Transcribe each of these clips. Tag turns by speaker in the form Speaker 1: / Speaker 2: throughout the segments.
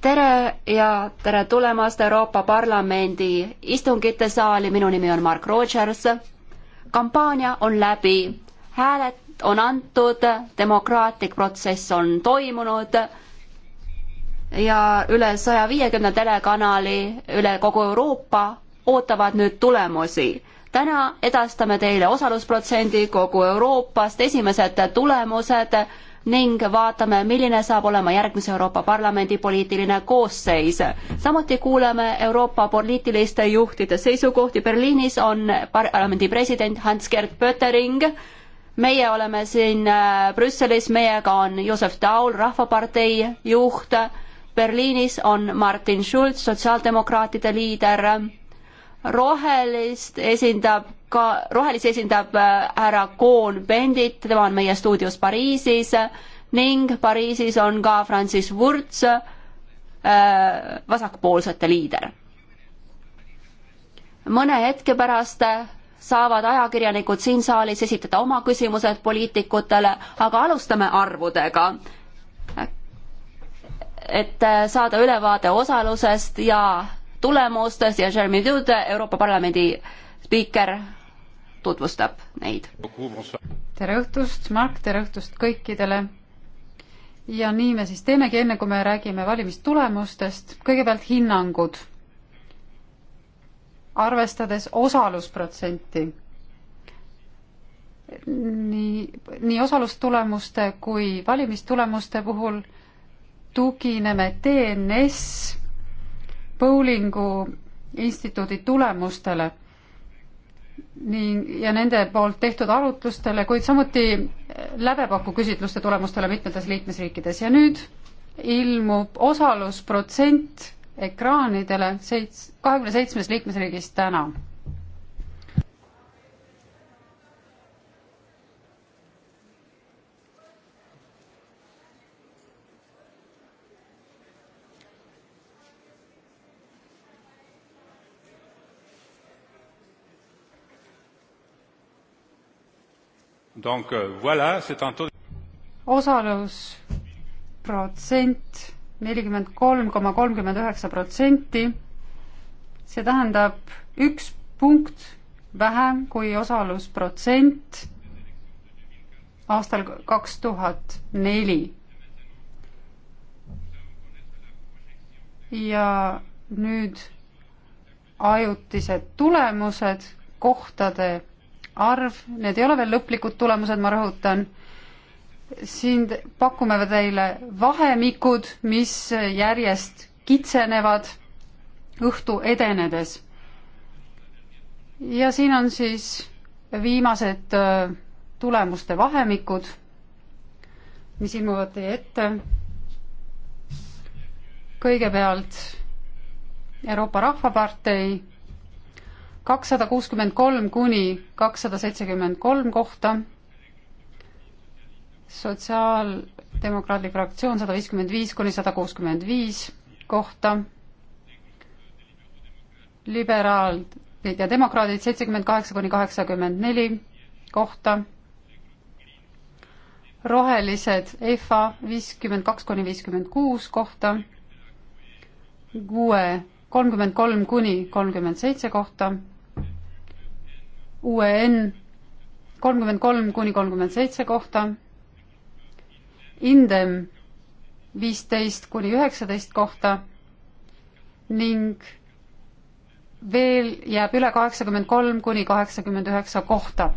Speaker 1: tere ja tere tulemast Euroopa Parlamendi istungite saali, minu nimi on Mark Rogers. kampaania on läbi, hääled on antud, demokraatlik protsess on toimunud ja üle saja viiekümne telekanali üle kogu Euroopa ootavad nüüd tulemusi täna edastame teile osalusprotsendi kogu Euroopast, esimesed tulemused ning vaatame, milline saab olema järgmise Euroopa Parlamendi poliitiline koosseis. samuti kuuleme Euroopa poliitiliste juhtide seisukohti. Berliinis on parlamendi president Hans-Gerd Pöttering meie oleme siin äh, Brüsselis, meiega on Josef Daul, Rahvapartei juht, Berliinis on Martin Schulz, sotsiaaldemokraatide liider rohelist esindab ka, rohelisi esindab äh, härra Koon Bendit, tema on meie stuudios Pariisis ning Pariisis on ka Francis Wurz, äh, vasakpoolsete liider. mõne hetke pärast saavad ajakirjanikud siin saalis esitada oma küsimused poliitikutele, aga alustame arvudega et saada ülevaade osalusest ja tulemustest ja Jeremy Dude, Euroopa Parlamendi spiiker, tutvustab neid.
Speaker 2: tere õhtust, Mark, tere õhtust kõikidele. ja nii me siis teemegi, enne kui me räägime valimistulemustest, kõigepealt hinnangud. arvestades osalusprotsenti nii, nii osalustulemuste kui valimistulemuste puhul tugineme DNS Bowlingu instituudi tulemustele ning, ja nende poolt tehtud arutlustele, kuid samuti lävepaku küsitluste tulemustele mitmetes liikmesriikides ja nüüd ilmub osalusprotsent ekraanidele seits-, kahekümne seitsmes liikmesriigis täna
Speaker 3: Donc euh, voilà, c'est un taux
Speaker 2: osalusprotsent nelikümmend kolm koma kolmkümmend üheksa protsenti. see tähendab üks punkt vähem kui osalusprotsent aastal kaks tuhat neli. ja nüüd ajutised tulemused kohtade arv, need ei ole veel lõplikud tulemused, ma rõhutan, siin pakume teile vahemikud, mis järjest kitsenevad õhtu edenedes. ja siin on siis viimased äh, tulemuste vahemikud, mis ilmuvad teie ette. kõigepealt Euroopa Rahvapartei kakssada kuuskümmend kolm kuni kakssada seitsekümmend kolm kohta, sotsiaaldemokraatlik fraktsioon sada viiskümmend viis kuni sada kuuskümmend viis kohta, liberaalid ja demokraadid seitsekümmend kaheksa kuni kaheksakümmend neli kohta, rohelised EFA viiskümmend kaks kuni viiskümmend kuus kohta, kuue kolmkümmend kolm kuni kolmkümmend seitse kohta UN e kolmkümmend kolm kuni kolmkümmend seitse kohta, Indem viisteist kuni üheksateist kohta ning veel jääb üle kaheksakümmend kolm kuni kaheksakümmend üheksa kohta.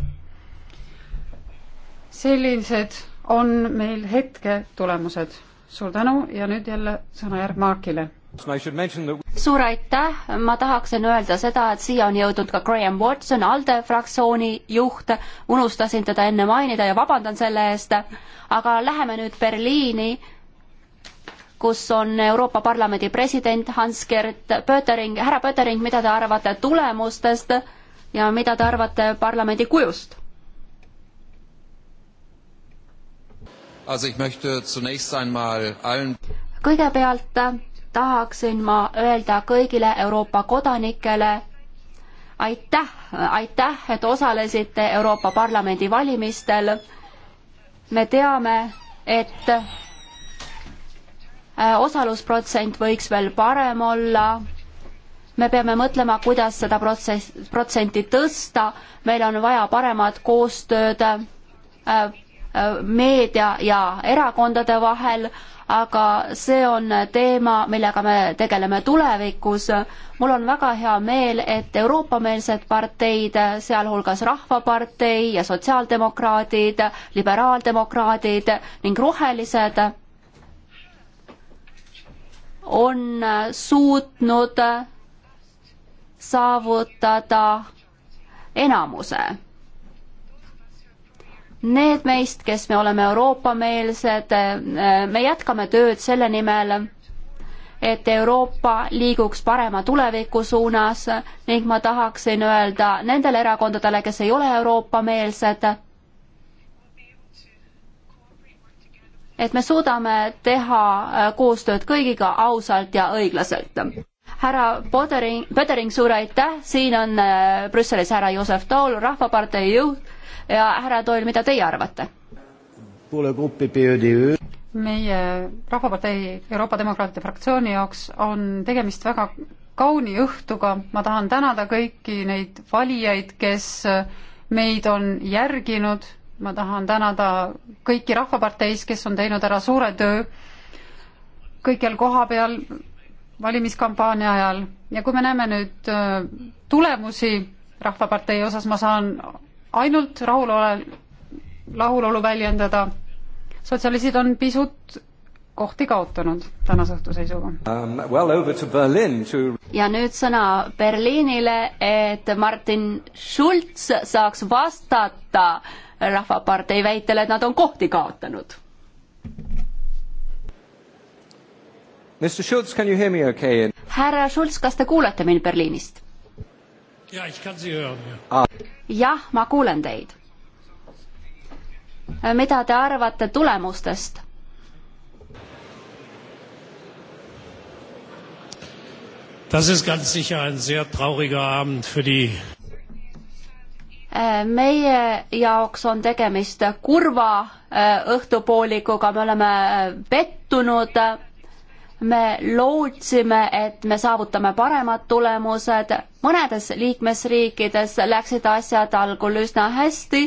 Speaker 2: sellised on meil hetke tulemused. suur tänu ja nüüd jälle sõna järg Markile
Speaker 1: suur aitäh, ma tahaksin öelda seda, et siia on jõudnud ka Graham Watson, ALDE fraktsiooni juht, unustasin teda enne mainida ja vabandan selle eest, aga läheme nüüd Berliini, kus on Euroopa Parlamendi president Hans-Gert Pöttering, härra Pöttering, mida te arvate tulemustest ja mida te arvate parlamendi kujust? kõigepealt tahaksin ma öelda kõigile Euroopa kodanikele aitäh, aitäh, et osalesite Euroopa Parlamendi valimistel. me teame, et äh, osalusprotsent võiks veel parem olla. me peame mõtlema, kuidas seda protsess, protsenti tõsta, meil on vaja paremat koostööd äh, äh, meedia ja erakondade vahel aga see on teema, millega me tegeleme tulevikus. mul on väga hea meel, et Euroopa-meelsed parteid, sealhulgas Rahvapartei ja sotsiaaldemokraadid, liberaaldemokraadid ning rohelised, on suutnud saavutada enamuse Need meist, kes me oleme Euroopa-meelsed, äh, me jätkame tööd selle nimel, et Euroopa liiguks parema tuleviku suunas ning ma tahaksin öelda nendele erakondadele, kes ei ole Euroopa-meelsed, et me suudame teha äh, koostööd kõigiga ausalt ja õiglaselt. härra Podering, Pödering, suur aitäh, siin on äh, Brüsselis härra Josef Tool, Rahvapartei juht ja härra Toil, mida teie arvate?
Speaker 3: E e.
Speaker 1: meie Rahvapartei Euroopa
Speaker 2: Demokraatide fraktsiooni jaoks on tegemist väga kauni õhtuga, ma tahan tänada kõiki neid valijaid, kes meid on järginud, ma tahan tänada kõiki Rahvaparteis, kes on teinud ära suure töö kõikjal kohapeal valimiskampaania ajal ja kui me näeme nüüd tulemusi Rahvapartei osas, ma saan ainult rahulole, rahulolu väljendada. sotsialistid on pisut kohti kaotanud tänase õhtu seisuga
Speaker 4: um,. Well, to...
Speaker 1: ja nüüd sõna Berliinile, et Martin Schulz saaks vastata Rahvapartei väitele, et nad on kohti kaotanud. härra Schulz okay?, kas te kuulete mind Berliinist? Ah. jah, ma kuulen teid. mida te arvate tulemustest?
Speaker 4: Das ist ganz sicher ein sehr trauriger Abend für die
Speaker 1: äh, meie jaoks on tegemist kurva äh, õhtupoolikuga, me oleme äh, pettunud me lootsime, et me saavutame paremad tulemused, mõnedes liikmesriikides läksid asjad algul üsna hästi,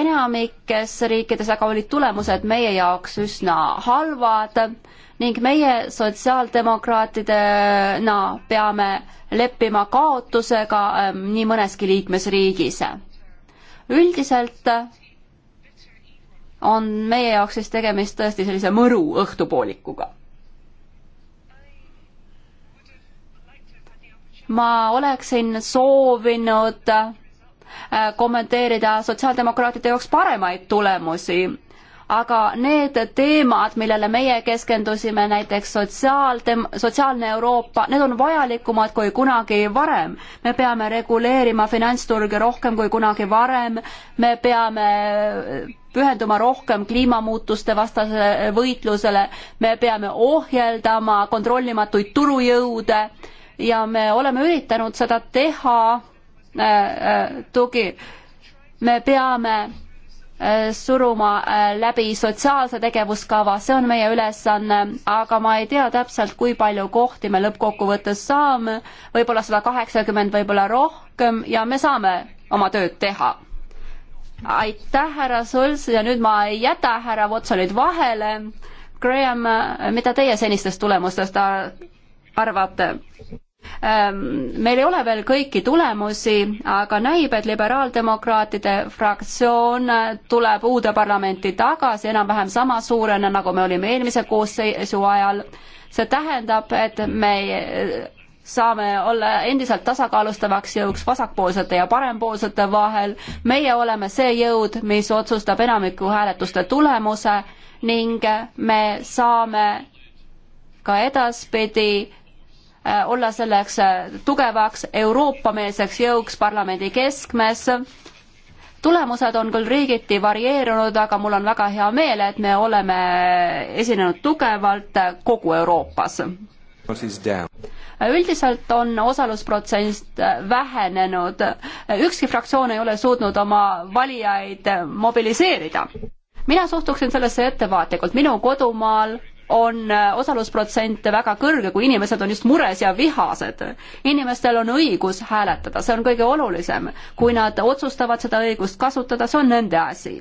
Speaker 1: enamikes riikides aga olid tulemused meie jaoks üsna halvad ning meie sotsiaaldemokraatidena no, peame leppima kaotusega ähm, nii mõneski liikmesriigis. üldiselt on meie jaoks siis tegemist tõesti sellise mõru õhtupoolikuga ma oleksin soovinud äh, kommenteerida sotsiaaldemokraatide jaoks paremaid tulemusi, aga need teemad, millele meie keskendusime, näiteks sotsiaaldem-, sotsiaalne Euroopa, need on vajalikumad kui kunagi varem. me peame reguleerima finantsturge rohkem kui kunagi varem, me peame äh, pühenduma rohkem kliimamuutuste vastasele äh, võitlusele, me peame ohjeldama kontrollimatuid turujõude ja me oleme üritanud seda teha äh, äh, tugi, me peame äh, suruma läbi sotsiaalse tegevuskava, see on meie ülesanne, aga ma ei tea täpselt, kui palju kohti me lõppkokkuvõttes saame, võib-olla sada kaheksakümmend, võib-olla rohkem ja me saame oma tööd teha. aitäh, härra Suls ja nüüd ma ei jäta härra Votsolit vahele. Graham, mida teie senistest tulemustest arvate? Ähm, meil ei ole veel kõiki tulemusi, aga näib, et liberaaldemokraatide fraktsioon tuleb uude parlamenti tagasi enam-vähem sama suurena, nagu me olime eelmise koosseisu ajal. see tähendab, et me äh, saame olla endiselt tasakaalustavaks jõuks vasakpoolsete ja parempoolsete vahel. meie oleme see jõud, mis otsustab enamiku hääletuste tulemuse ning me saame ka edaspidi Äh, olla selleks äh, tugevaks Euroopa-meelseks jõuks parlamendi keskmes. tulemused on küll riigiti varieerunud, aga mul on väga hea meel, et me oleme esinenud tugevalt kogu Euroopas. üldiselt on osalusprotsent vähenenud, ükski fraktsioon ei ole suutnud oma valijaid mobiliseerida mina suhtuksin sellesse ettevaatlikult, minu kodumaal on äh, osalusprotsent väga kõrge, kui inimesed on just mures ja vihased. inimestel on õigus hääletada, see on kõige olulisem. kui nad otsustavad seda õigust kasutada, see on nende asi.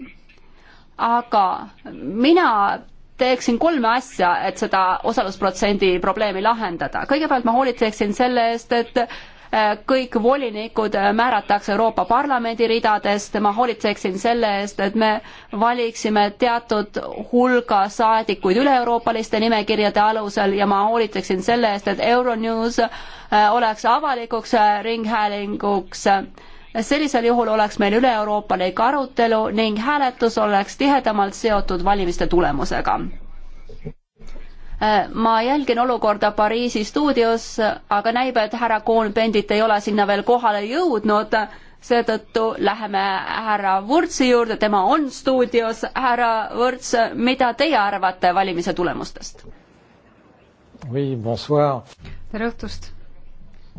Speaker 1: aga mina teeksin kolme asja, et seda osalusprotsendi probleemi lahendada. kõigepealt ma hoolitseksin selle eest, et kõik volinikud määratakse Euroopa Parlamendi ridadest, ma hoolitseksin selle eest, et me valiksime teatud hulga saadikuid üle-euroopaliste nimekirjade alusel ja ma hoolitseksin selle eest, et Euronews äh, oleks avalikuks ringhäälinguks sellisel juhul oleks meil üle-euroopalik arutelu ning hääletus oleks tihedamalt seotud valimiste tulemusega ma jälgin olukorda Pariisi stuudios, aga näib, et härra Cohn-Bendit ei ole sinna veel kohale jõudnud, seetõttu läheme härra Võrtsi juurde, tema on stuudios. härra Võrts, mida teie arvate valimise tulemustest?
Speaker 4: oui, bonsoir.
Speaker 2: tere
Speaker 1: õhtust.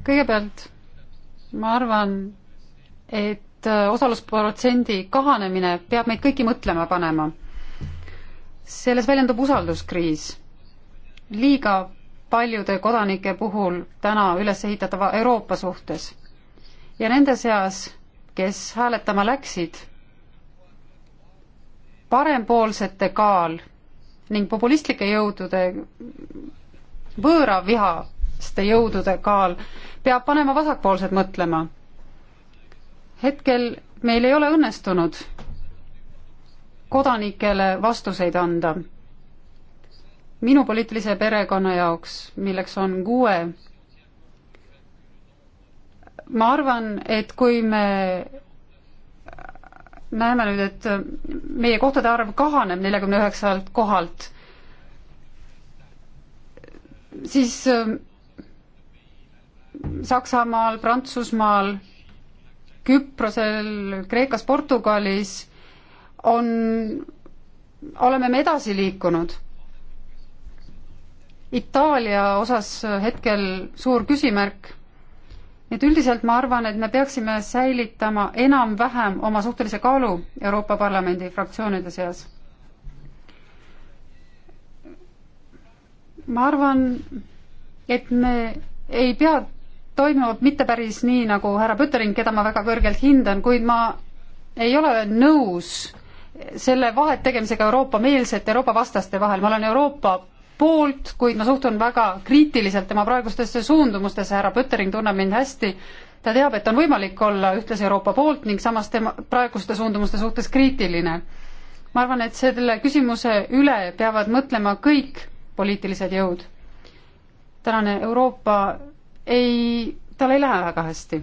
Speaker 1: kõigepealt
Speaker 2: ma arvan, et äh, osalusprotsendi kahanemine peab meid kõiki mõtlema panema. selles väljendub usalduskriis liiga paljude kodanike puhul täna üles ehitatava Euroopa suhtes. ja nende seas, kes hääletama läksid, parempoolsete kaal ning populistlike jõudude, võõravihaste jõudude kaal peab panema vasakpoolsed mõtlema. hetkel meil ei ole õnnestunud kodanikele vastuseid anda minu poliitilise perekonna jaoks, milleks on kuue, ma arvan, et kui me näeme nüüd, et meie kohtade arv kahaneb neljakümne üheksalt kohalt, siis äh, Saksamaal, Prantsusmaal, Küprosel, Kreekas, Portugalis on, oleme me edasi liikunud Itaalia osas äh, hetkel suur küsimärk. et üldiselt ma arvan, et me peaksime säilitama enam-vähem oma suhtelise kaalu Euroopa Parlamendi fraktsioonide seas. ma arvan, et me ei pea toimuma mitte päris nii, nagu härra Püttering, keda ma väga kõrgelt hindan, kuid ma ei ole nõus selle vahet tegemisega Euroopa meelsete, Euroopa vastaste vahel, ma olen Euroopa poolt, kuid ma suhtun väga kriitiliselt tema praegustesse suundumustesse, härra Pöttering tunneb mind hästi, ta teab, et on võimalik olla ühtlasi Euroopa poolt ning samas tema praeguste suundumuste suhtes kriitiline. ma arvan, et selle küsimuse üle peavad mõtlema kõik poliitilised
Speaker 1: jõud. tänane Euroopa ei, tal ei lähe väga hästi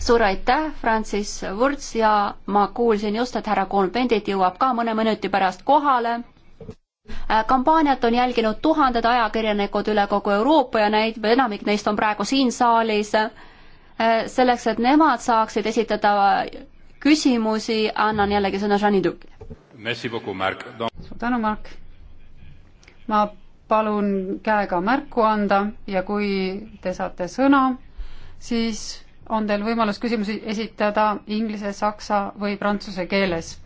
Speaker 1: suur aitäh, Francis Wurts ja ma kuulsin just, et härra Kohn-Pendit jõuab ka mõne minuti pärast kohale. Äh, kampaaniat on jälginud tuhanded ajakirjanikud üle kogu Euroopa ja neid, enamik neist on praegu siin saalis, äh, selleks, et nemad saaksid esitada küsimusi, annan jällegi sõna Jeanine Duc.
Speaker 3: suur
Speaker 1: tänu, Mark. ma
Speaker 2: palun käega märku anda ja kui te saate sõna, siis on teil võimalus küsimusi esitada inglise, saksa või prantsuse keeles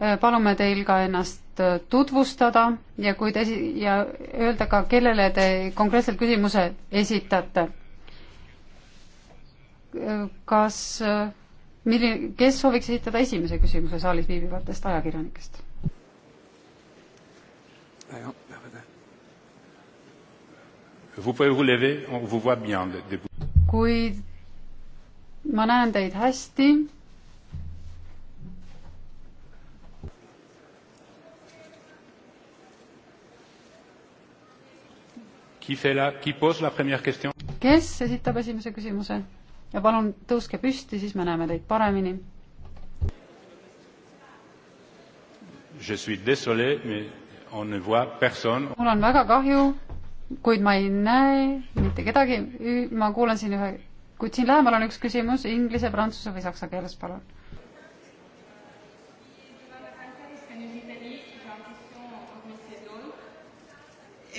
Speaker 2: Äh, palume teil ka ennast äh, tutvustada ja kui te esi- ja öelda ka, kellele te konkreetselt küsimuse esitate. Äh, kas, milline, kes sooviks esitada esimese küsimuse saalis viibivatest ajakirjanikest? kui ma näen teid hästi kes esitab esimese küsimuse? ja palun tõuske püsti, siis me näeme teid paremini. mul on väga kahju, kuid ma ei näe mitte kedagi, ma kuulen siin ühe, kuid siin lähemal on üks küsimus inglise, prantsuse või saksa keeles, palun.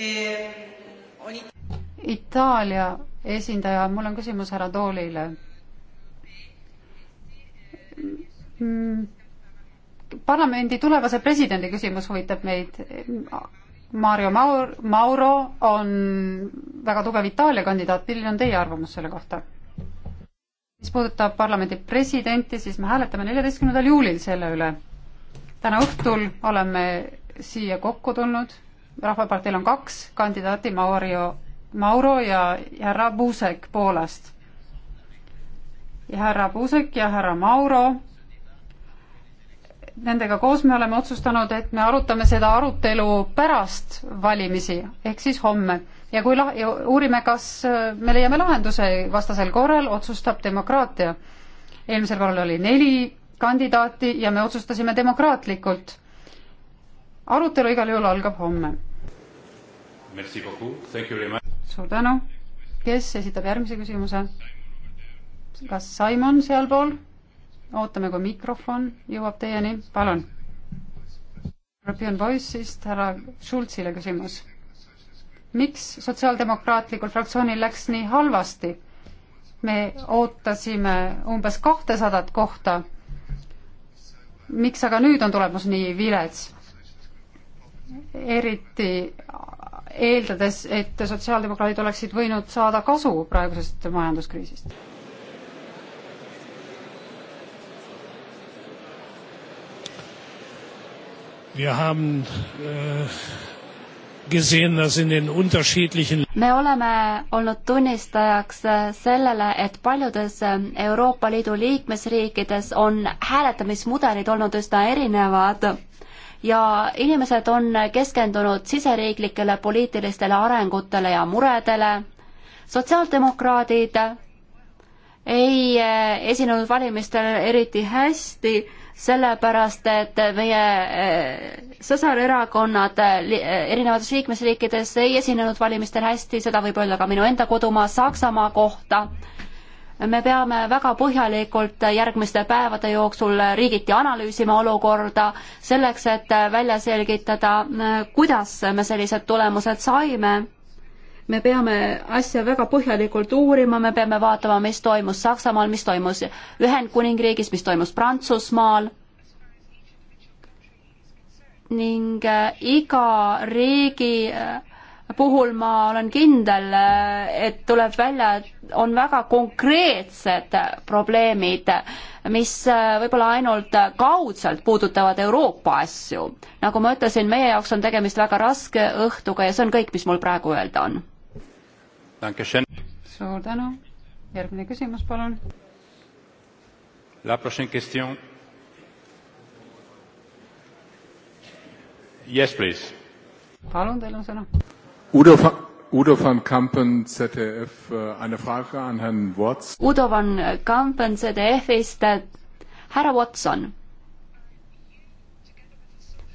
Speaker 3: Eh,
Speaker 2: Itaalia esindaja, mul on küsimus härra Toolile. Mm, parlamendi tulevase presidendi küsimus huvitab meid. Mario Maur-, Mauro on väga tugev Itaalia kandidaat, milline on teie arvamus selle kohta? mis puudutab parlamendi presidenti, siis me hääletame neljateistkümnendal juulil selle üle. täna õhtul oleme siia kokku tulnud rahvaparteil on kaks kandidaati, Maurio, Mauro ja härra Puusek Poolast. ja härra Puusek ja härra Mauro, nendega koos me oleme otsustanud, et me arutame seda arutelu pärast valimisi, ehk siis homme. ja kui lah-, ja uurime, kas äh, me leiame lahenduse, vastasel korral otsustab demokraatia. eelmisel korral oli neli kandidaati ja me otsustasime demokraatlikult arutelu igal juhul algab homme. suur tänu. kes esitab järgmise küsimuse? kas Simon sealpool? ootame, kui mikrofon jõuab teieni, palun. European Voice'ist härra Schultzile küsimus. miks sotsiaaldemokraatlikul fraktsioonil läks nii halvasti? me ootasime umbes kahtesadat kohta. miks aga nüüd on tulemus nii vilets? eriti eeldades, et sotsiaaldemokraadid oleksid võinud saada kasu praegusest
Speaker 4: majanduskriisist? Wir haben äh, gesehen, dass in den unterschiedlichen
Speaker 1: me oleme olnud tunnistajaks äh, sellele, et paljudes äh, Euroopa Liidu liikmesriikides on hääletamismudelid olnud üsna erinevad ja inimesed on keskendunud siseriiklikele poliitilistele arengutele ja muredele. sotsiaaldemokraadid ei eh, esinenud valimistel eriti hästi, sellepärast et meie eh, sõsarerakonnad eh, erinevates liikmesriikides ei esinenud valimistel hästi, seda võib öelda ka minu enda kodumaa Saksamaa kohta me peame väga põhjalikult järgmiste päevade jooksul riigiti analüüsima olukorda selleks, et välja selgitada, kuidas me sellised tulemused saime me peame asja väga põhjalikult uurima, me peame vaatama, mis toimus Saksamaal, mis toimus Ühendkuningriigis, mis toimus Prantsusmaal. ning äh, iga riigi äh, puhul ma olen kindel, et tuleb välja, et on väga konkreetsed probleemid, mis võib-olla ainult kaudselt puudutavad Euroopa asju. nagu ma ütlesin, meie jaoks on tegemist väga raske õhtuga ja see on kõik, mis mul praegu öelda on. suur tänu.
Speaker 2: järgmine küsimus, palun.
Speaker 3: La prochaine question. Yes, please.
Speaker 2: palun, teil on
Speaker 1: sõna
Speaker 4: Udo, Udo van Kampen, ZDF, äh, eine Frage an Herrn Watts.
Speaker 1: Udo van Kampen, ZDF-ist. härra äh, Watson,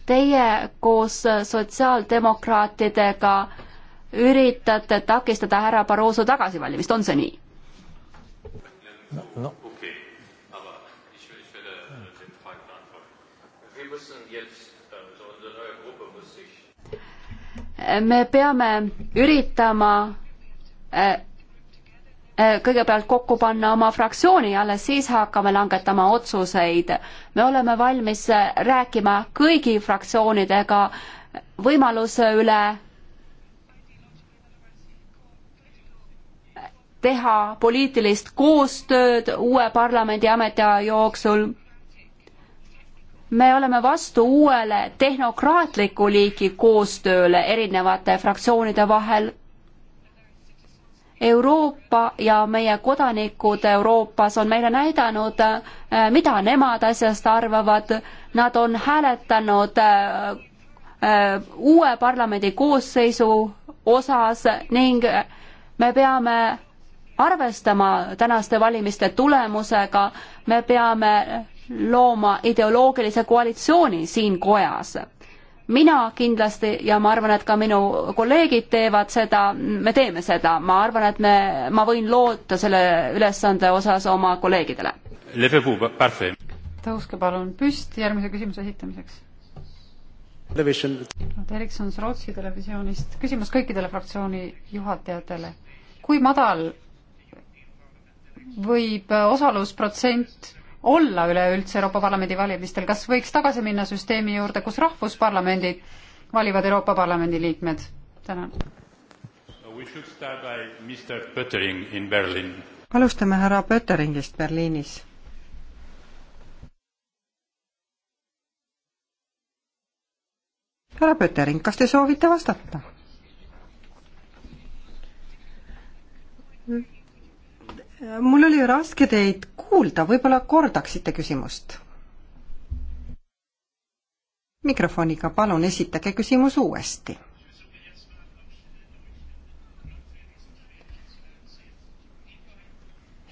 Speaker 1: teie koos äh, sotsiaaldemokraatidega üritate takistada härra Barroso tagasivalimist, on see nii no,? No me peame üritama äh, äh, kõigepealt kokku panna oma fraktsiooni ja alles siis hakkame langetama otsuseid. me oleme valmis äh, rääkima kõigi fraktsioonidega võimaluse üle teha poliitilist koostööd uue parlamendi ametiaja jooksul me oleme vastu uuele tehnokraatliku liigi koostööle erinevate fraktsioonide vahel. Euroopa ja meie kodanikud Euroopas on meile näidanud, eh, mida nemad asjast arvavad. Nad on hääletanud eh, uue parlamendi koosseisu osas ning eh, me peame arvestama tänaste valimiste tulemusega, me peame looma ideoloogilise koalitsiooni siin kojas. mina kindlasti ja ma arvan, et ka minu kolleegid teevad seda, me teeme seda, ma arvan, et me, ma võin loota selle ülesande osas oma kolleegidele. tõuske
Speaker 2: palun püsti järgmise küsimuse esitamiseks. Erikson Rootsi televisioonist, küsimus kõikidele fraktsiooni juhatajatele. kui madal võib osalusprotsent olla üleüldse Euroopa Parlamendi valimistel, kas võiks tagasi minna süsteemi juurde, kus rahvusparlamendid valivad Euroopa Parlamendi liikmed? tänan.
Speaker 3: alustame härra Pöteringist Berliinis. härra Pötering, kas te soovite vastata? mul oli raske teid kuulda, võib-olla kordaksite küsimust? mikrofoniga palun esitage küsimus uuesti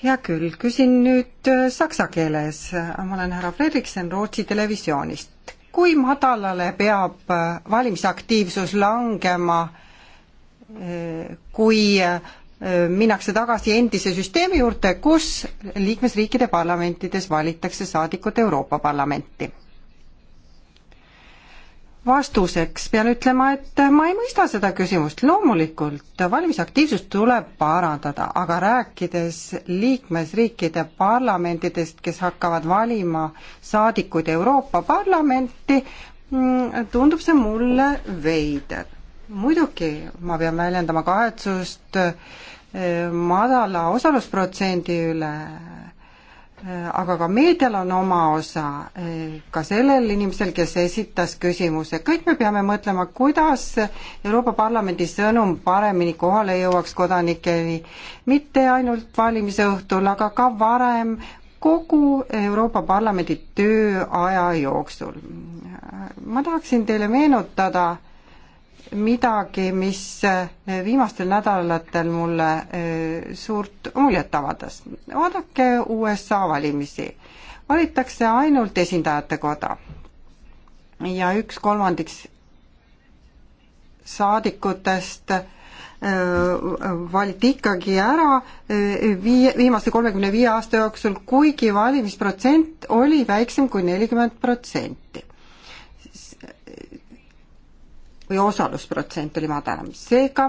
Speaker 3: hea küll, küsin nüüd äh, saksa keeles. ma olen härra Fredriksen Rootsi televisioonist. kui madalale peab äh, valimisaktiivsus langema, äh, kui Äh, minnakse tagasi endise süsteemi juurde, kus liikmesriikide parlamentides valitakse saadikud Euroopa Parlamenti. vastuseks pean ütlema, et ma ei mõista seda küsimust, loomulikult valimisaktiivsust tuleb parandada, aga rääkides liikmesriikide parlamentidest, kes hakkavad valima saadikuid Euroopa Parlamenti, mm, tundub see mulle veider muidugi ma pean väljendama kahetsust eh, madala osalusprotsendi üle, eh, aga ka meedial on oma osa, eh, ka sellel inimesel, kes esitas küsimuse, kõik me peame mõtlema, kuidas Euroopa Parlamendi sõnum paremini kohale jõuaks kodanikeni, mitte ainult valimise õhtul, aga ka varem, kogu Euroopa Parlamendi tööaja jooksul. ma tahaksin teile meenutada, midagi, mis eh, viimastel nädalatel mulle eh, suurt muljet avaldas. vaadake USA valimisi. valitakse ainult esindajate koda. ja üks kolmandik saadikutest eh, valiti ikkagi ära viie, viimase kolmekümne viie aasta jooksul, kuigi valimisprotsent oli väiksem kui nelikümmend protsenti või osalusprotsent oli madalam. seega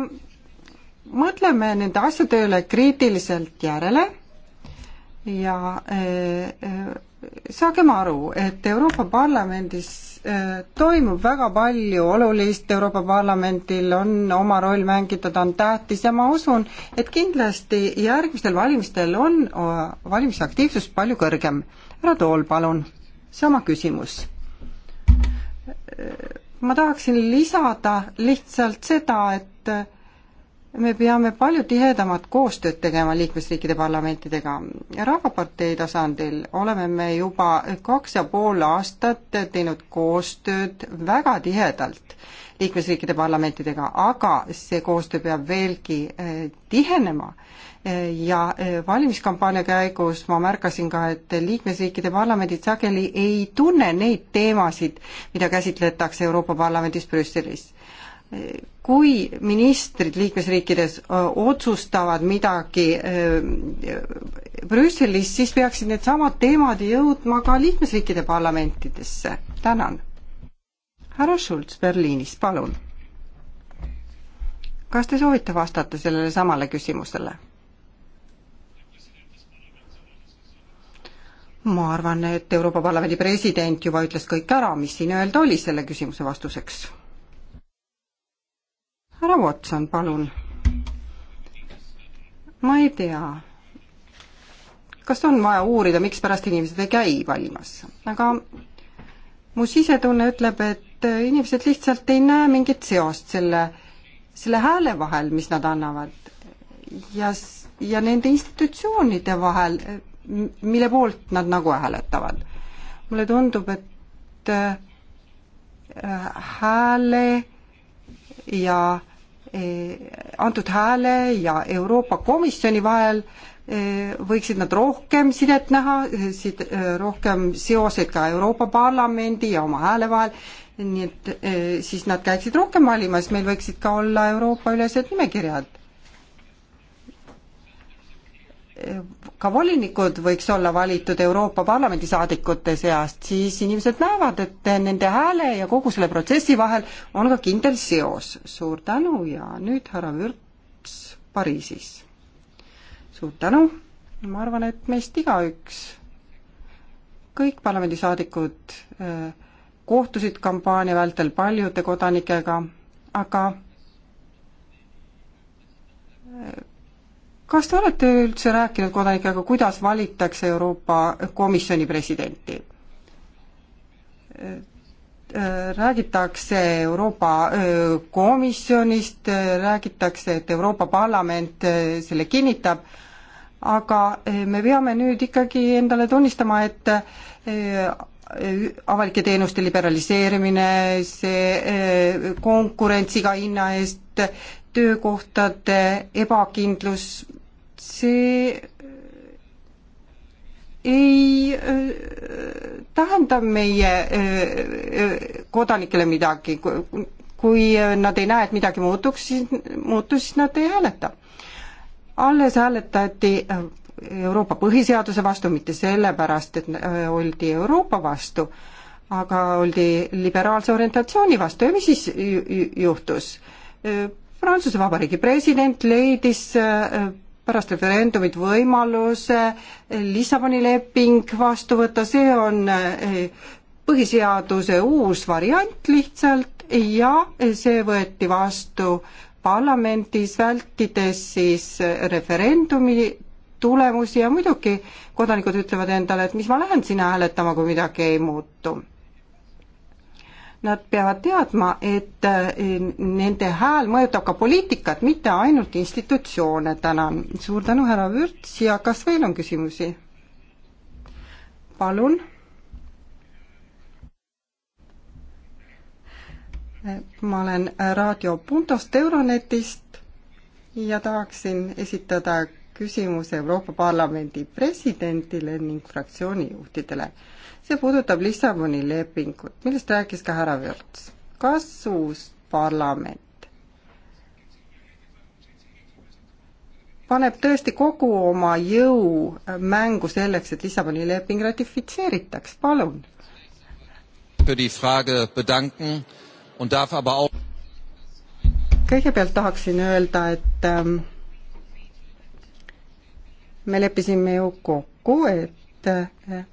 Speaker 3: mõtleme nende asjade üle kriitiliselt järele ja eh, eh, saagem aru, et Euroopa Parlamendis eh, toimub väga palju olulist, Euroopa Parlamendil on oma roll mängida, ta on tähtis ja ma usun, et kindlasti järgmistel valimistel on valimisaktiivsus palju kõrgem. härra Tool, palun, sama küsimus ma tahaksin lisada lihtsalt seda, et me peame palju tihedamat koostööd tegema liikmesriikide parlamentidega. rahvapartei tasandil oleme me juba kaks ja pool aastat teinud koostööd väga tihedalt liikmesriikide parlamentidega, aga see koostöö peab veelgi eh, tihenema eh, ja eh, valimiskampaania käigus ma märkasin ka, et liikmesriikide parlamendid sageli ei tunne neid teemasid, mida käsitletakse Euroopa Parlamendis Brüsselis. kui ministrid liikmesriikides otsustavad midagi Brüsselis, siis peaksid needsamad teemad jõudma ka liikmesriikide parlamentidesse. tänan härra Schulz Berliinist, palun. kas te soovite vastata sellele samale küsimusele? ma arvan, et Euroopa Parlamendi president juba ütles kõik ära, mis siin öelda oli selle küsimuse vastuseks. härra Watson, palun. ma ei tea, kas on vaja uurida, mikspärast inimesed ei käi valimas, aga mu sisetunne ütleb, et äh, inimesed lihtsalt ei näe mingit seost selle, selle hääle vahel, mis nad annavad ja, ja nende institutsioonide vahel, äh, mille poolt nad nagu hääletavad. mulle tundub, et äh, hääle ja antud hääle ja Euroopa Komisjoni vahel äh, võiksid nad rohkem sidet näha, äh, rohkem seoseid ka Euroopa Parlamendi ja oma hääle vahel, nii et äh, siis nad käiksid rohkem valimas, meil võiksid ka olla Euroopa-ülesed nimekirjad. ka volinikud võiks olla valitud Euroopa Parlamendi saadikute seast, siis inimesed näevad, et nende hääle ja kogu selle protsessi vahel on ka kindel seos. suur tänu ja nüüd härra Vürts Pariisis suur tänu, ma arvan, et meist igaüks, kõik parlamendisaadikud äh, kohtusid kampaania vältel paljude kodanikega, aga äh, kas te olete üldse rääkinud kodanikega, kuidas valitakse Euroopa Komisjoni presidenti? Äh, räägitakse Euroopa Komisjonist, räägitakse, et Euroopa Parlament selle kinnitab, aga eh, me peame nüüd ikkagi endale tunnistama, et eh, avalike teenuste liberaliseerimine, see eh, konkurents iga hinna eest, töökohtade ebakindlus, see ei tähenda meie kodanikele midagi, kui nad ei näe, et midagi muutuks, siis, muutus, siis nad ei hääleta alles hääletati äh, Euroopa põhiseaduse vastu, mitte sellepärast, et äh, oldi Euroopa vastu, aga oldi liberaalse orientatsiooni vastu ja mis siis juhtus? Äh, Prantsuse Vabariigi president leidis pärast referendumit võimaluse Lissaboni leping vastu võtta, see on põhiseaduse uus variant lihtsalt ja see võeti vastu parlamendis, vältides siis referendumi tulemusi ja muidugi kodanikud ütlevad endale, et mis ma lähen sinna hääletama, kui midagi ei muutu. Nad peavad teadma, et eh, nende hääl mõjutab ka poliitikat, mitte ainult institutsioone, tänan. suur tänu, härra Vürts ja kas veel on küsimusi? palun ma olen Raadio Puntost Euronetist ja tahaksin esitada küsimuse Euroopa Parlamendi presidendile ning fraktsiooni juhtidele. see puudutab Lissaboni lepingut, millest rääkis ka härra Vürts. kas uus parlament paneb tõesti kogu oma jõu mängu selleks, et Lissaboni leping ratifitseeritaks, palun?
Speaker 4: und darf aber auch
Speaker 3: kõigepealt tahaksin öelda, et ähm, me leppisime ju kokku, et äh,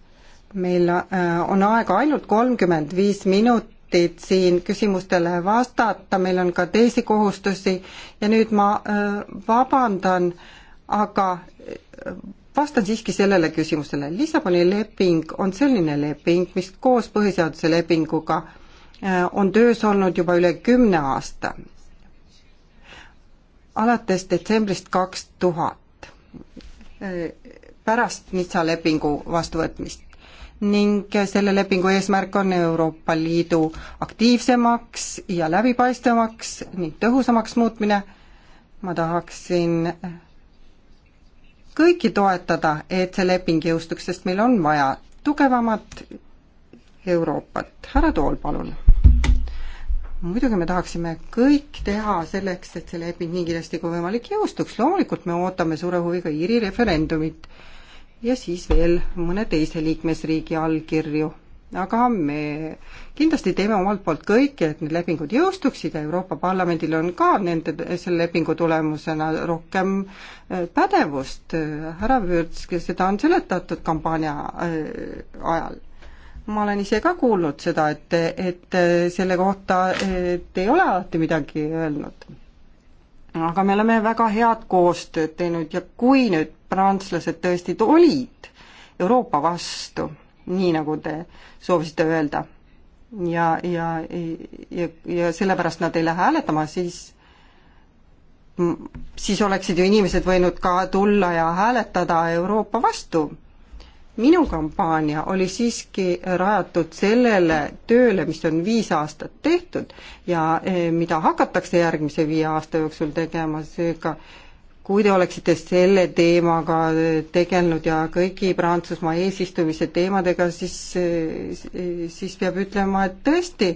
Speaker 3: meil äh, on aega ainult kolmkümmend viis minutit siin küsimustele vastata, meil on ka teisi kohustusi ja nüüd ma äh, vabandan, aga äh, vastan siiski sellele küsimusele. Lissaboni leping on selline leping, mis koos põhiseaduse lepinguga äh, Äh, on töös olnud juba üle kümne aasta. alates detsembrist kaks tuhat, äh, pärast Nitsa lepingu vastuvõtmist ning äh, selle lepingu eesmärk on Euroopa Liidu aktiivsemaks ja läbipaistvamaks ning tõhusamaks muutmine. ma tahaksin kõiki toetada, et see leping jõustuks, sest meil on vaja tugevamat Euroopat. härra Tool, palun muidugi me tahaksime kõik teha selleks, et see leping nii kiiresti kui võimalik jõustuks, loomulikult me ootame suure huviga Iiri referendumit ja siis veel mõne teise liikmesriigi allkirju. aga me kindlasti teeme omalt poolt kõik, et need lepingud jõustuksid ja Euroopa Parlamendil on ka nende, selle lepingu tulemusena rohkem äh, pädevust. Äh, härra Vürts, kes seda on seletatud kampaania äh, ajal ma olen ise ka kuulnud seda, et, et selle kohta te ei ole alati midagi öelnud. aga me oleme väga head koostööd teinud ja kui nüüd prantslased tõesti olid Euroopa vastu, nii nagu te soovisite öelda, ja, ja, ja, ja sellepärast nad ei lähe hääletama, siis siis oleksid ju inimesed võinud ka tulla ja hääletada Euroopa vastu minu kampaania oli siiski rajatud sellele tööle, mis on viis aastat tehtud ja eh, mida hakatakse järgmise viie aasta jooksul tegema, seega kui te oleksite selle teemaga eh, tegelenud ja kõigi Prantsusmaa eesistumise teemadega, siis, eh, siis peab ütlema, et tõesti,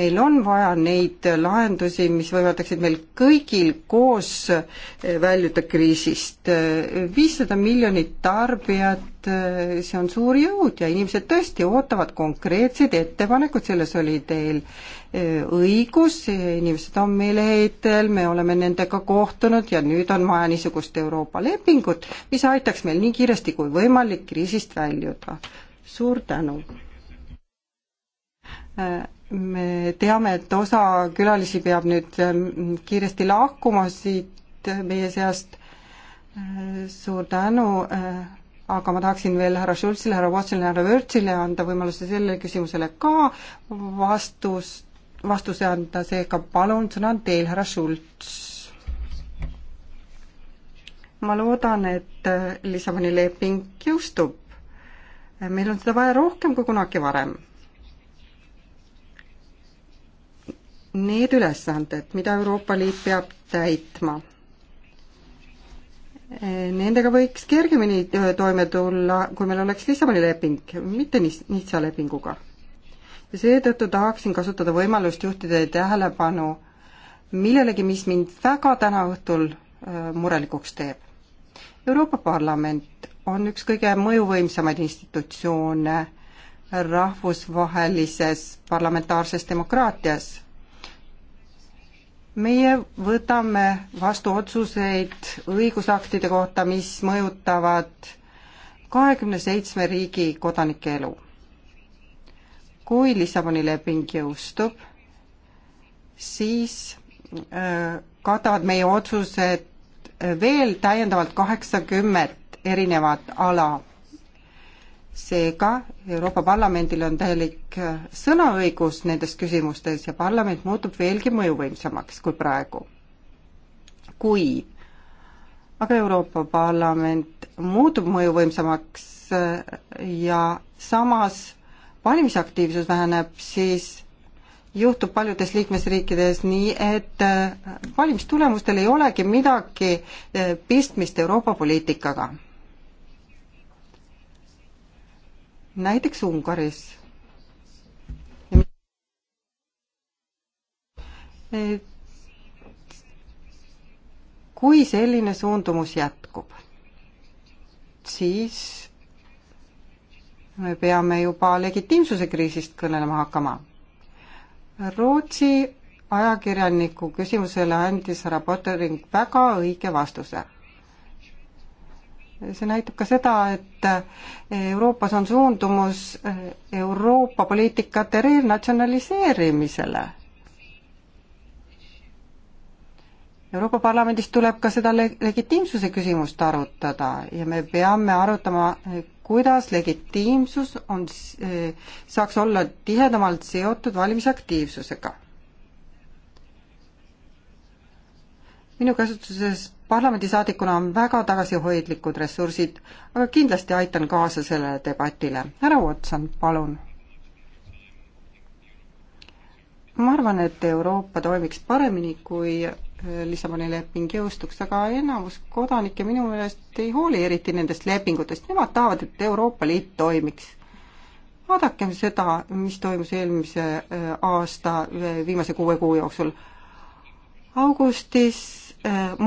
Speaker 3: meil on vaja neid lahendusi, mis võimaldaksid meil kõigil koos väljuda kriisist. viissada miljonit tarbijat Äh, see on suur jõud ja inimesed tõesti ootavad konkreetseid ettepanekuid, selles oli teil äh, õigus, inimesed on meeleheitel, me oleme nendega kohtunud ja nüüd on vaja niisugust Euroopa lepingut, mis aitaks meil nii kiiresti kui võimalik kriisist väljuda. suur tänu! Äh, me teame, et osa külalisi peab nüüd ähm, kiiresti lahkuma siit meie seast, suur tänu äh, aga ma tahaksin veel härra Schultzile, härra Watsonile, härra Wörtsile anda võimaluse sellele küsimusele ka vastus, vastuse anda, seega palun, sõna on teil, härra Schultz. ma loodan, et Lissaboni leping jõustub. meil on seda vaja rohkem kui kunagi varem. Need ülesanded, mida Euroopa Liit peab täitma nendega võiks kergemini äh, toime tulla, kui meil oleks Lissaboni leping, mitte Nizza lepinguga. ja seetõttu tahaksin kasutada võimalust juhtida teie tähelepanu millelegi, mis mind väga täna õhtul äh, murelikuks teeb. Euroopa Parlament on üks kõige mõjuvõimsamaid institutsioone rahvusvahelises parlamentaarses demokraatias meie võtame vastu otsuseid õigusaktide kohta, mis mõjutavad kahekümne seitsme riigi kodanike elu. kui Lissaboni leping jõustub, siis äh, katavad meie otsused veel täiendavalt kaheksakümmet erinevat ala seega Euroopa Parlamendil on täielik äh, sõnaõigus nendes küsimustes ja parlament muutub veelgi mõjuvõimsamaks kui praegu. kui aga Euroopa Parlament muutub mõjuvõimsamaks äh, ja samas valimisaktiivsus väheneb, siis juhtub paljudes liikmesriikides nii, et äh, valimistulemustel ei olegi midagi pistmist Euroopa poliitikaga näiteks Ungaris. kui selline suundumus jätkub, siis me peame juba legitiimsuse kriisist kõnelema hakkama. Rootsi ajakirjaniku küsimusele andis härra Pottering väga õige vastuse see näitab ka seda, et Euroopas on suundumus Euroopa poliitikate renatsionaliseerimisele. Euroopa Parlamendis tuleb ka seda leg-, legitiimsuse küsimust arutada ja me peame arutama, kuidas legitiimsus on, saaks olla tihedamalt seotud valimisaktiivsusega minu käsutuses parlamendisaadikuna on väga tagasihoidlikud ressursid, aga kindlasti aitan kaasa sellele debatile. härra Watson, palun. ma arvan, et Euroopa toimiks paremini, kui äh, Lissaboni leping jõustuks, aga enamus kodanikke minu meelest ei hooli eriti nendest lepingutest, nemad tahavad, et Euroopa Liit toimiks. vaadakem seda, mis toimus eelmise äh, aasta äh, viimase kuue kuu jooksul. augustis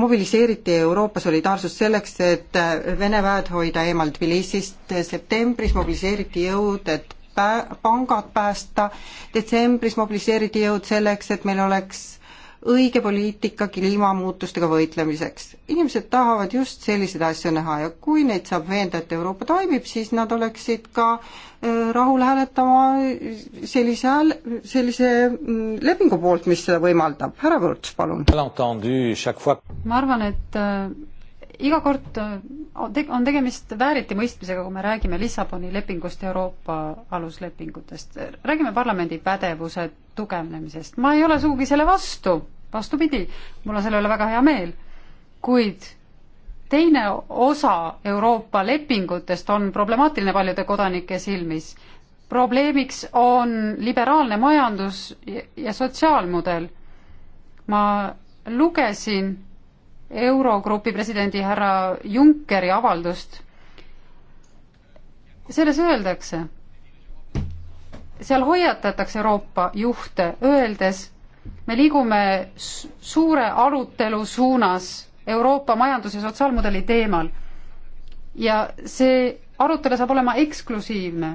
Speaker 3: mobiliseeriti Euroopa solidaarsust selleks, et Vene väed hoida eemal Tbilisist, septembris mobiliseeriti jõud, et pä-, pangad päästa, detsembris mobiliseeriti jõud selleks, et meil oleks õige poliitika kliimamuutustega võitlemiseks. inimesed tahavad just selliseid asju näha ja kui neid saab veenda, et Euroopa toimib, siis nad oleksid ka äh, rahul hääletama sellise hääl, sellise mm, lepingu poolt, mis seda võimaldab. härra Võrts, palun.
Speaker 2: ma arvan, et äh, iga kord äh, on tegemist vääritimõistmisega, kui me räägime Lissaboni lepingust, Euroopa aluslepingutest. räägime parlamendi pädevuse tugevnemisest. ma ei ole sugugi selle vastu, vastupidi, mul on selle üle väga hea meel, kuid teine osa Euroopa lepingutest on problemaatiline paljude kodanike silmis. probleemiks on liberaalne majandus ja sotsiaalmudel. ma lugesin Eurogrupi presidendi härra Junckeri avaldust. selles öeldakse, seal hoiatatakse Euroopa juhte, öeldes me liigume suure arutelu suunas Euroopa majandus- ja sotsiaalmudeli teemal. ja see arutelu saab olema eksklusiivne.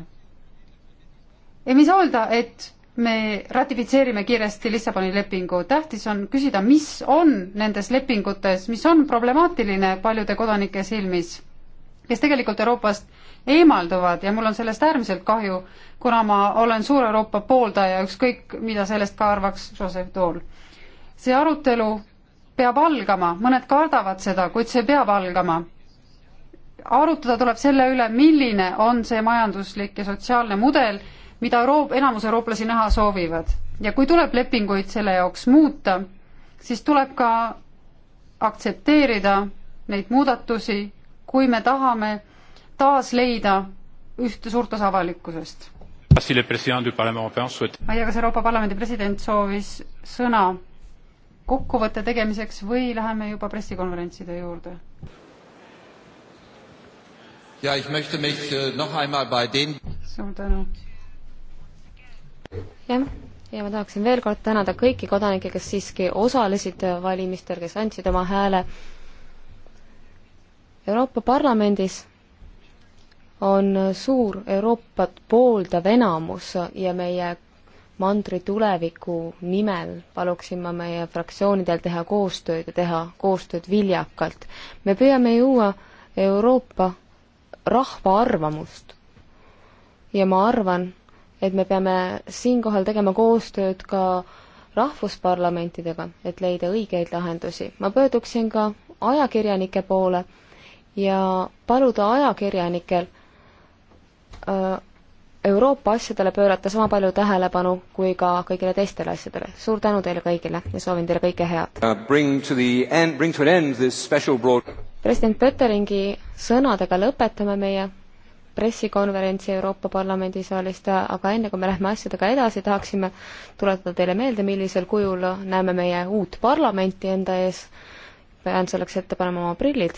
Speaker 2: ei, me ei saa öelda, et me ratifitseerime kiiresti Lissaboni lepingu, tähtis on küsida, mis on nendes lepingutes, mis on problemaatiline paljude kodanike silmis, kes tegelikult Euroopast eemalduvad ja mul on sellest äärmiselt kahju, kuna ma olen suur Euroopa pooldaja, ükskõik mida sellest ka arvaks Joseph Daul. see arutelu peab algama, mõned kardavad seda, kuid see peab algama. arutada tuleb selle üle, milline on see majanduslik ja sotsiaalne mudel, mida Euroop-, enamus eurooplasi näha soovivad. ja kui tuleb lepinguid selle jaoks muuta, siis tuleb ka aktsepteerida neid muudatusi, kui me tahame taas leida ühte suurt osa avalikkusest.
Speaker 3: ma ei
Speaker 2: tea, kas Euroopa Parlamendi president soovis sõna kokkuvõtte tegemiseks või läheme juba pressikonverentside juurde?
Speaker 4: ja, ich möchte mich äh, noch einmal bei den suur tänu. jah, ja ma tahaksin veel kord tänada kõiki kodanikke, kes siiski osalesid valimistel, kes andsid oma hääle Euroopa Parlamendis on suur Euroopat pooldav enamus ja meie mandri tuleviku nimel paluksin ma meie fraktsioonidel teha koostööd ja teha koostööd viljakalt. me püüame juua Euroopa rahva arvamust. ja ma arvan, et me peame siinkohal tegema koostööd ka rahvusparlamentidega, et leida õigeid lahendusi. ma pöörduksin ka ajakirjanike poole ja paluda ajakirjanikel Äh, Euroopa asjadele pöörata sama palju tähelepanu kui ka kõigile teistele asjadele. suur tänu teile kõigile ja soovin teile kõike head uh,. president Pötteringi sõnadega lõpetame meie pressikonverentsi Euroopa Parlamendi saalist, aga enne kui me lähme asjadega edasi, tahaksime tuletada teile meelde, millisel kujul näeme meie uut parlamenti enda ees. pean selleks ette panema oma prillid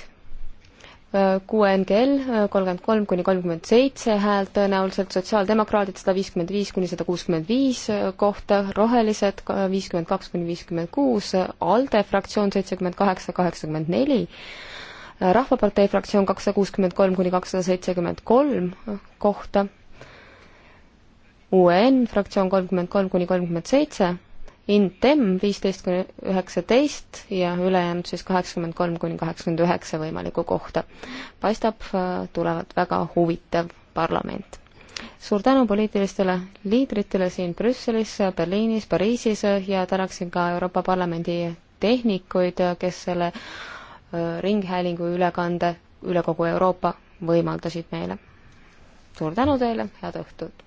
Speaker 4: QNGL äh, kolmkümmend kolm kuni kolmkümmend seitse häält tõenäoliselt, sotsiaaldemokraadid sada viiskümmend viis kuni sada kuuskümmend viis äh, kohta, rohelised äh, viiskümmend kaks kuni viiskümmend kuus, ALDE fraktsioon seitsekümmend kaheksa, kaheksakümmend neli, Rahvapartei fraktsioon kakssada kuuskümmend kolm kuni kakssada seitsekümmend kolm kohta, UN fraktsioon kolmkümmend kolm kuni kolmkümmend seitse Intem viisteist kuni üheksateist ja ülejäänud siis kaheksakümmend kolm kuni kaheksakümmend üheksa võimalikku kohta. paistab äh, tulevat väga huvitav parlament. suur tänu poliitilistele liidritele siin Brüsselis, Berliinis, Pariisis äh, ja tänaksin ka Euroopa Parlamendi tehnikuid, äh, kes selle ringhäälingu ülekande üle kogu Euroopa võimaldasid meile. suur tänu teile, head õhtut!